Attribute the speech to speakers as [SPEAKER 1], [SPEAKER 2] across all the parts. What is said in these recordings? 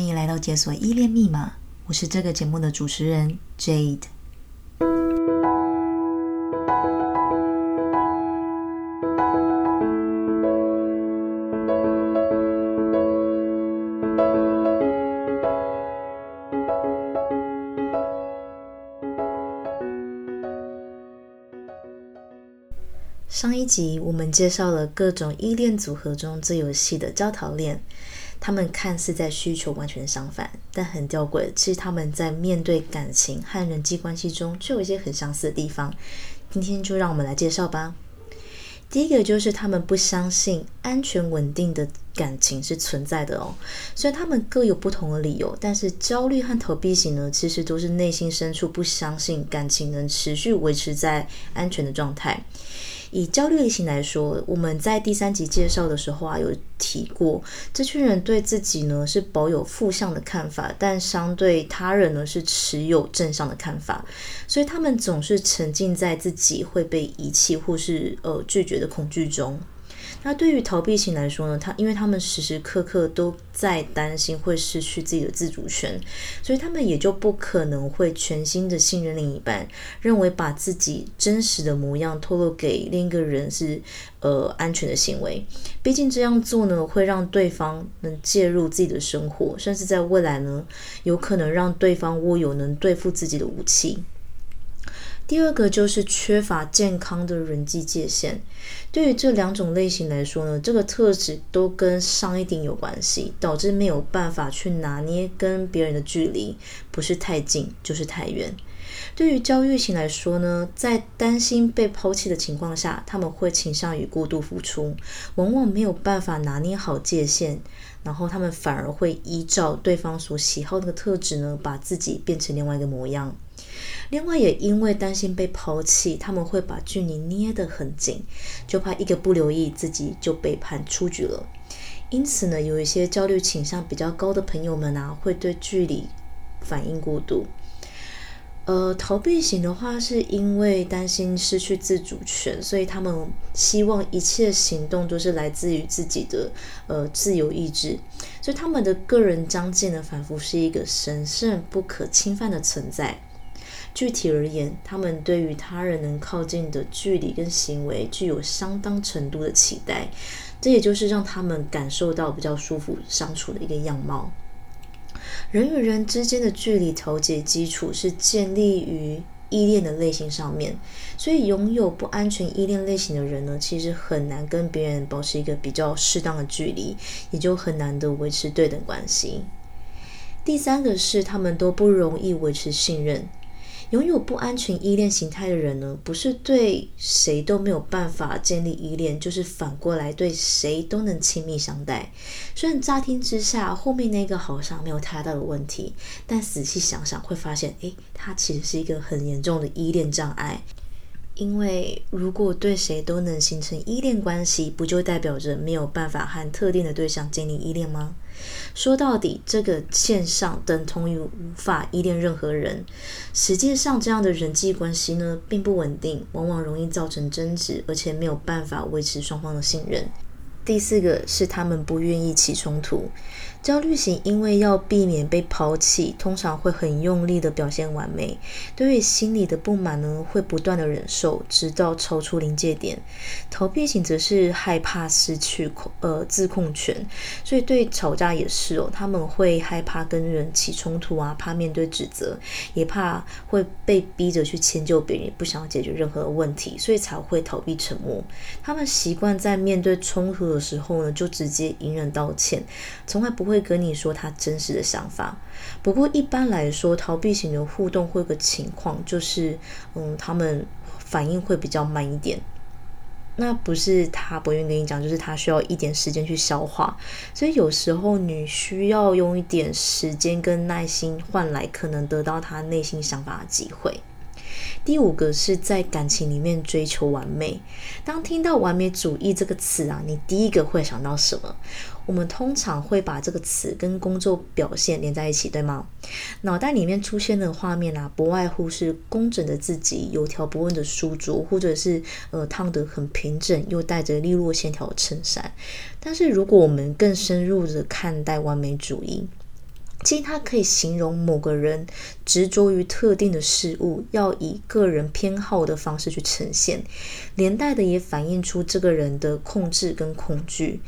[SPEAKER 1] 歡迎來到《解鎖依戀密碼》，我是這個節目的主持人 Jade。上一集我們介紹了各種依戀組合中最有趣的焦逃戀。他們看似在需求完全相反，但很吊詭。其實他們在面對感情和人際關係中，卻有一些很相似的地方。今天就讓我們來介紹吧。第一個就是他們不相信安全穩定的感情是存在的哦。雖然他們各有不同的理由，但是焦慮和逃避型呢，其實都是內心深處不相信感情能持續維持在安全的狀態。以焦慮型來說，我們在第三集介紹的時候啊，有提過，這群人對自己呢是保有負向的看法，但相對他人呢是持有正向的看法，所以他們總是沉浸在自己會被遺棄或是呃拒絕的恐懼中。那對於逃避型來說呢，他因為他們時時刻刻都在擔心會失去自己的自主權，所以他們也就不可能會全心的信任另一半，認為把自己真實的模樣透露給另一個人是呃安全的行為。畢竟這樣做呢，會讓對方能介入自己的生活，甚至在未來呢，有可能讓對方握有能對付自己的武器。第二個就是缺乏健康的人際界限。對於這兩種類型來說呢，這個特質都跟上一點有關係，導致沒有辦法去拿捏跟別人的距離，不是太近，就是太遠。對於焦慮型來說呢，在擔心被拋棄的情況下，他們會傾向於過度付出，往往沒有辦法拿捏好界限，然後他們反而會依照對方所喜好那個特質呢，把自己變成另外一個模樣。另外，也因為擔心被拋棄，他們會把距離捏得很緊，就怕一個不留意自己就被判出局了。因此呢，有一些焦慮傾向比較高的朋友們啊，會對距離反應過度。呃，逃避型的話，是因為擔心失去自主權，所以他們希望一切行動都是來自於自己的呃自由意志，所以他們的個人邊界呢，仿佛是一個神聖不可侵犯的存在。具體而言，他們對於他人能靠近的距離跟行為，具有相當程度的期待，這也就是讓他們感受到比較舒服相處的一個樣貌。人與人之間的距離調節基礎是建立於依戀的類型上面，所以擁有不安全依戀類型的人呢，其實很難跟別人保持一個比較適當的距離，也就很難的維持對等關係。第三個是他們都不容易維持信任。擁有不安全依戀形態的人呢，不是對誰都沒有辦法建立依戀，就是反過來對誰都能親密相待。雖然乍聽之下，後面那個好像沒有太大的問題，但仔細想想會發現，誒，他其實是一個很嚴重的依戀障礙。因為如果對誰都能形成依戀關係，不就代表着沒有辦法和特定的對象建立依戀嗎？說到底，這個現象等同於無法依戀任何人。實際上，這樣的人際關係呢，並不穩定，往往容易造成爭執，而且沒有辦法維持雙方的信任。第四個是他們不願意起衝突，焦慮型因為要避免被拋棄，通常會很用力的表現完美，對於心理的不滿呢，會不斷的忍受，直到超出臨界點。逃避型則是害怕失去控呃自控權，所以對吵架也是哦，他們會害怕跟人起衝突啊，怕面對指責，也怕會被逼着去遷就別人，不想要解決任何的問題，所以才會逃避沉默。他們習慣在面對衝突的時候呢，就直接隱忍道歉，從來不會跟你說他真實的想法。不過一般來說，逃避型的互動會有個情況，就是嗯，他們反應會比較慢一點。那不是他不願意跟你講，就是他需要一點時間去消化。所以有時候你需要用一點時間跟耐心，換來可能得到他內心想法的機會。第五個是在感情裡面追求完美。當聽到“完美主義”這個詞啊，你第一個會想到什麼？我們通常會把這個詞跟工作表現連在一起，對嗎？腦袋裡面出現的畫面啊，不外乎是工整的字跡、有條不紊的書桌，或者是呃燙得很平整又帶着利落線條的襯衫。但是如果我們更深入的看待完美主義，其實他可以形容某個人執着於特定的事物，要以個人偏好的方式去呈現，連帶的也反映出這個人的控制跟恐懼。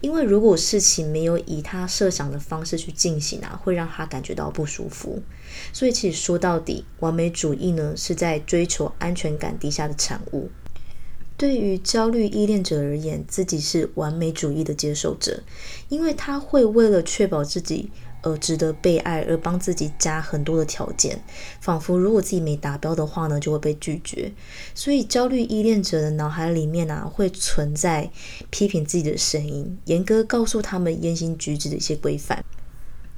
[SPEAKER 1] 因為如果事情沒有以他設想的方式去進行啊，會讓他感覺到不舒服。所以其實說到底，完美主義呢是在追求安全感低下的產物。對於焦慮依戀者而言，自己是完美主義的接受者，因為他會為了確保自己。而值得被愛，而幫自己加很多的條件，仿佛如果自己沒達標的話呢，就會被拒絕。所以焦慮依戀者的腦海裡面呢、啊，會存在批評自己的聲音，嚴格告訴他們言行舉止的一些規範。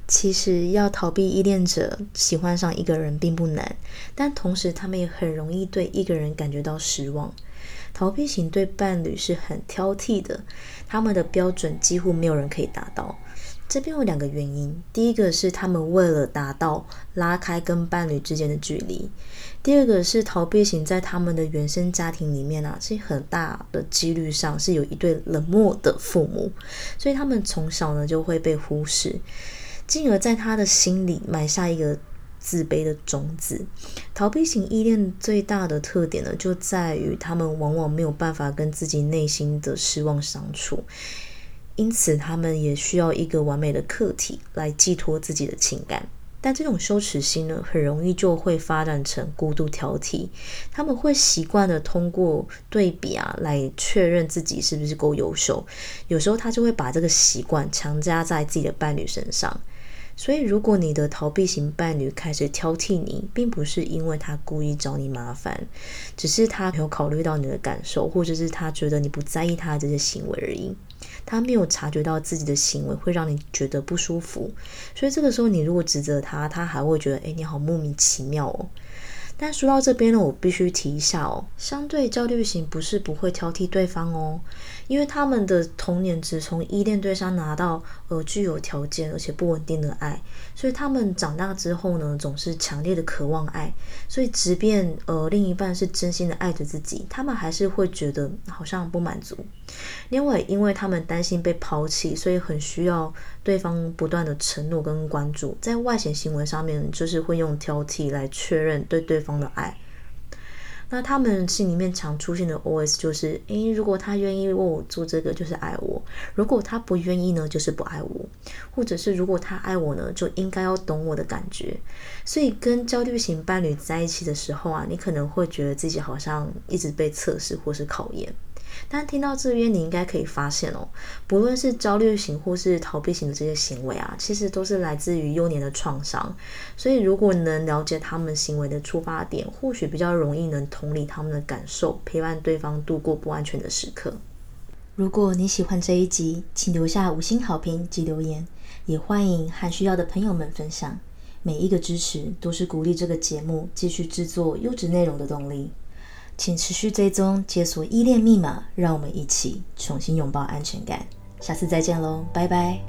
[SPEAKER 1] 其實要逃避依戀者喜歡上一個人並不難，但同時他們也很容易對一個人感覺到失望。逃避型對伴侶是很挑剔的，他們的標準幾乎沒有人可以達到。這邊有兩個原因，第一個是他們為了達到拉開跟伴侶之間的距離，第二個是逃避型在他們的原生家庭裡面啊，其實很大的幾率上是有一對冷漠的父母，所以他們從小呢就會被忽視，進而在他的心裡埋下一個自卑的種子。逃避型依戀最大的特點呢，就在於他們往往沒有辦法跟自己內心的失望相處。因此，他們也需要一個完美的客體來寄托自己的情感。但這種羞恥心呢，很容易就會發展成過度挑剔。他們會習慣的通過對比啊，來確認自己是不是夠優秀。有時候，他就會把這個習慣強加在自己的伴侶身上。所以，如果你的逃避型伴侶開始挑剔你，並不是因為他故意找你麻煩，只是他沒有考慮到你的感受，或者是他覺得你不在意他的這些行為而已。他沒有察覺到自己的行為會讓你覺得不舒服，所以這個時候你如果指責他，他還會覺得，哎，你好莫名其妙哦。但說到這邊呢，我必須提一下哦，相對焦慮型不是不會挑剔對方哦，因為他們的童年只從依戀對象拿到呃具有條件而且不穩定的愛，所以他們長大之後呢，總是強烈的渴望愛，所以即便呃另一半是真心的愛着自己，他們還是會覺得好像不滿足。另外，因為他們擔心被拋棄，所以很需要對方不斷的承諾跟關注，在外顯行為上面就是會用挑剔來確認對對方。的愛，那他們心裡面常出現的 OS 就是：誒，如果他願意為我做這個，就是愛我；如果他不願意呢，就是不愛我；或者是如果他愛我呢，就應該要懂我的感覺。所以，跟焦慮型伴侶在一起的時候啊，你可能會覺得自己好像一直被測試或是考驗。但聽到這邊，你應該可以發現哦，不論是焦慮型或是逃避型的這些行為啊，其實都是來自於幼年的創傷。所以，如果你能了解他們行為的出發點，或許比較容易能同理他們的感受，陪伴對方度過不安全的時刻。如果你喜歡這一集，請留下五星好評及留言，也歡迎和需要的朋友們分享。每一個支持都是鼓勵這個節目繼續製作優質內容的動力。請持續追蹤，解鎖依戀密碼，讓我們一起重新擁抱安全感。下次再見嘍，拜拜。